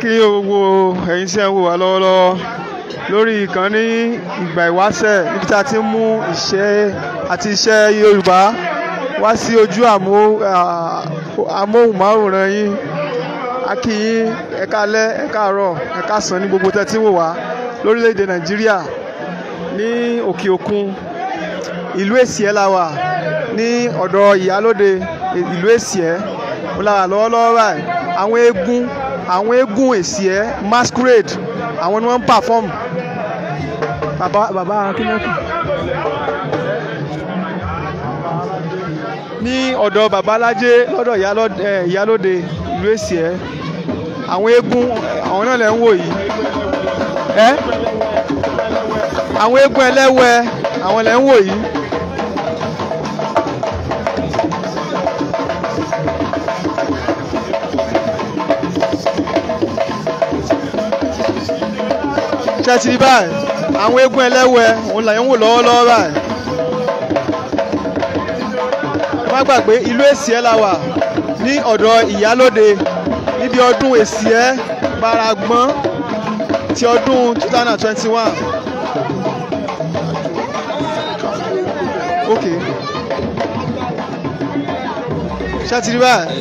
kí gbogbo ẹ̀yin tí ẹ ń wò wá lọ́wọ́lọ́wọ́ lórí ìkànnì ìgbà ìwáṣẹ̀ níbi tí a ti ń mú ìṣe àti iṣẹ́ Yorùbá wá sí ojú amóhùnmáwòrán yín a kí yín ẹ káalẹ́ ẹ káàárọ̀ ẹ káàsán ní gbogbo tẹ́tí wò wá lórílẹ̀‐èdè Nàìjíríà ní òkè òkun ìlú Èsìẹ́ la wà ní ọ̀dọ̀ ìyálóde ìlú Èsìẹ́ mo la wà lọ́wọ́lọ́wọ́ báyìí àwọn eégún àwọn eégún èsì ẹ masquerade àwọn ni wọ́n ń perform bàbá bàbá akínẹ́kù ní ọ̀dọ̀ babalájé lọ́dọ̀ ìyálóde ìlú èsì ẹ àwọn eégún àwọn náà lẹ ń wò yìí ẹ àwọn eégún ẹlẹ́wẹ̀ àwọn lẹ ń wò yìí. ti rí báyìí àwọn eégún ẹlẹ́wẹ̀ òun làyẹn wò lọ́wọ́lọ́wọ́ báyìí. má gbàgbé ìlú Èsìẹ́ la wà ní ọ̀dọ̀ ìyálóde níbi ọdún Èsìẹ́ paragbọ́n ti ọdún 2021. Okay. ṣé ti rí báyìí.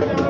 Thank you.